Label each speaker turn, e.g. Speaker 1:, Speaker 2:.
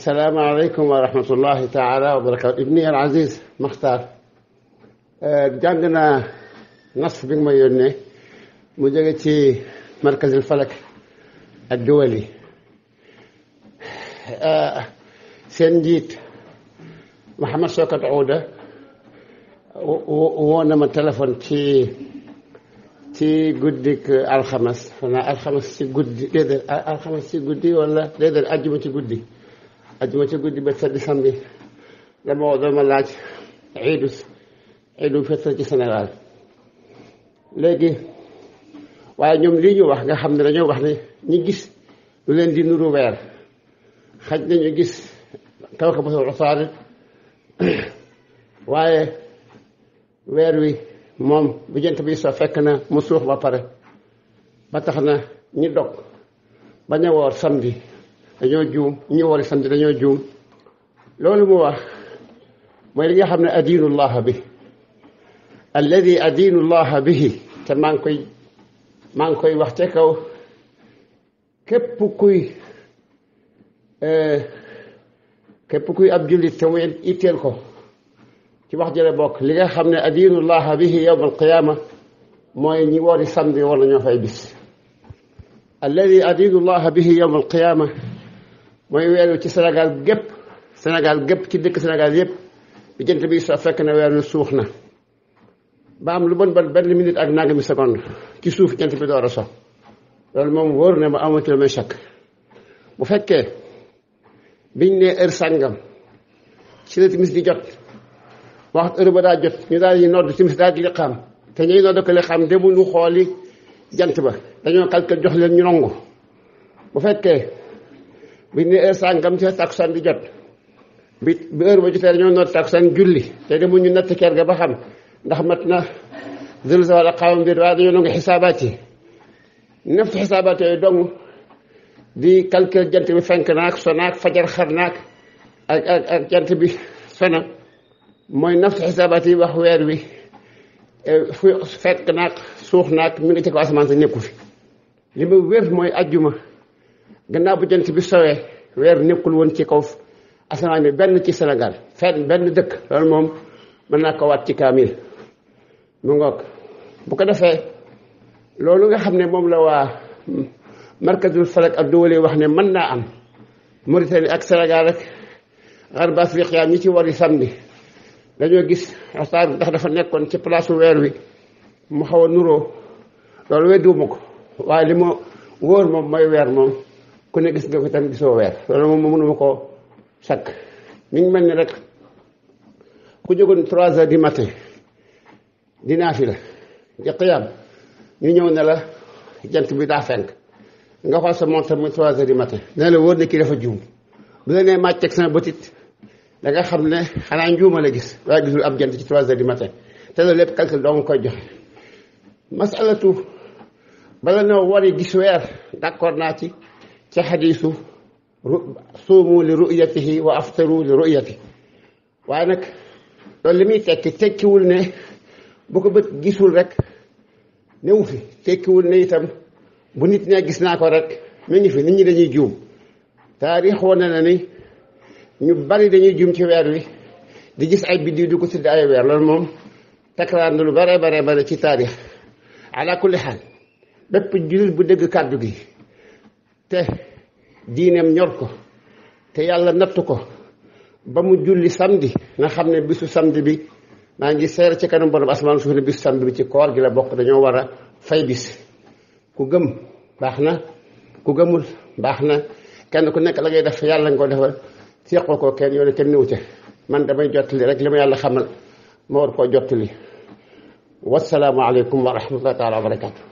Speaker 1: السلام عليكم ورحمة الله تعالى وبركاته ابني العزيز Maxtaar jàng naa nas bi nga ma yónnee mu jóge ci markazil falak ak duwali eh, seen njiit Mouhamed Sokat Ouda woo na ma téléphone ci ci guddik alxames xanaa alxames ci guddi déedéet alxames ci guddi wala déedéet ajjuma ci guddi ajuma ci guddi ba sedd samedi la ma woo ma laaj iidu iidu fitr ci Sénégal léegi waaye ñoom lii ñu wax nga xam ne dañoo wax ne ñu gis lu leen di nuru weer xaj nañu gis taw ko mosul xosaan waaye weer wi moom bu jant bi so fekk na mu suux ba pare ba tax na ñu dog bañ a woor samedi dañoo juum ñi war a sant dañoo juum loolu mooy li nga xam ne adiinu llaha bi alladi adiinu llaha bi te maa ngi koy maa ngi koy wax ca kaw képp kuy eh, képp kuy ab jullit te ko ci wax jële bokk li nga xam ne adiinu llaha bihi yowma alqiyaama mooy ñi woori samedi war na ñoo fay bis alladi adiinu llaha bihi yowma alqiyaama mooy weer ci senegal gépp senegal gépp ci dëkk senegal yépp bi jant bi so fekk na weer suux na ba am lu bon bon benn minute ak nangami seconde ci suuf jant bi a so loolu moom wóor ne ma amatul may bu fekkee biñ ne heure sàngam ci la timis di jot wax heure ba daa jot ñu daal di nodd timis daal di liqaam te ñuy nodd ko liqaam demuñu xooli jant ba dañoo calcul jox leen ñu nongu bu fekkee buñ ne heure sàngam sa takkusaan di jot bi bi heure ba jotee dañoo noot takkusaan julli te demuñu ñu natt ker ga ba xam ndax mat na zulza wala xawam déet waaye dañoo nangu xisaabaat jant bi fenk naak fajar xar naak ak bi sona mooy naftu xisaabaat yi wax weer wi fu fekk naak suux naak mi ngi ci ko asamaan si nekku fi li ma wér mooy ajjuma gannaaw bu jant bi sowee weer nekkul woon ci kaw asamaan bi benn ci Sénégal fenn benn dëkk loolu moom mën naa ko ci kaamil mu ngoog bu ko defee loolu nga xam ne moom la waa markazul falak ak dowale wax ne mën naa am Mauritanie ak Sénégal rek Gharb Afrique ñi ci wari bi dañoo gis asaar bi ndax dafa nekkoon ci place weer wi mu xaw a nuroo loolu weddiwuma ko waaye li ma wóor moom mooy weer moom ku ne gis nga ko tam gisoo weer loolu moom mënuma koo sakk mi mel ni rek ku jógoon trois heures du matin dinaa fi la di xiyaam ñu ñëw ne la jant bi daa fenk nga xool sa montre muy trois heures di matin ne la wóor ne kii dafa juum bu la nee màcc teg sama bëtit da nga xam ne xanaa njuuma la gis waaye gisul ab jant ci trois heures du matin te loolu lépp calcul doo koy joxe masalatu bala noo wari gis weer d'accord naa ci ca xadiisu suumu li ruyatihi wa aftaru ruyati waaye nag loolu li muy tekki tekkiwul ne bu ko bët gisul rekk newu fi tekkiwul ne itam bu nit ne gis naa ko rek mi ngi fi nit ñi dañuy juum taarix wane na ni ñu bari dañuy juum ci weer wi di gis ay biddiw di ko tudd ay weer loolu moom takraar na lu bare bare bare ci taarix ala xaal bépp jullit bu dégg kàddu gi te diineem ñor ko te yàlla nattu ko ba mu julli samedi nga xam ne bisu samedi bi maa ngi seer ci kanam borom asmaan suuf ne bisu samedi bi ci koor gi la bokk dañoo war a fay bis ku gëm baax na ku gëmul baax na kenn ku nekk la ngay def yàlla nga ko defal seqoo ko kenn yow ne kenn niwu ca man damay jottali rek li ma yàlla xamal ma war koo jottali wasalaamu aleykum wa rahmatullahi taala wa barakaatu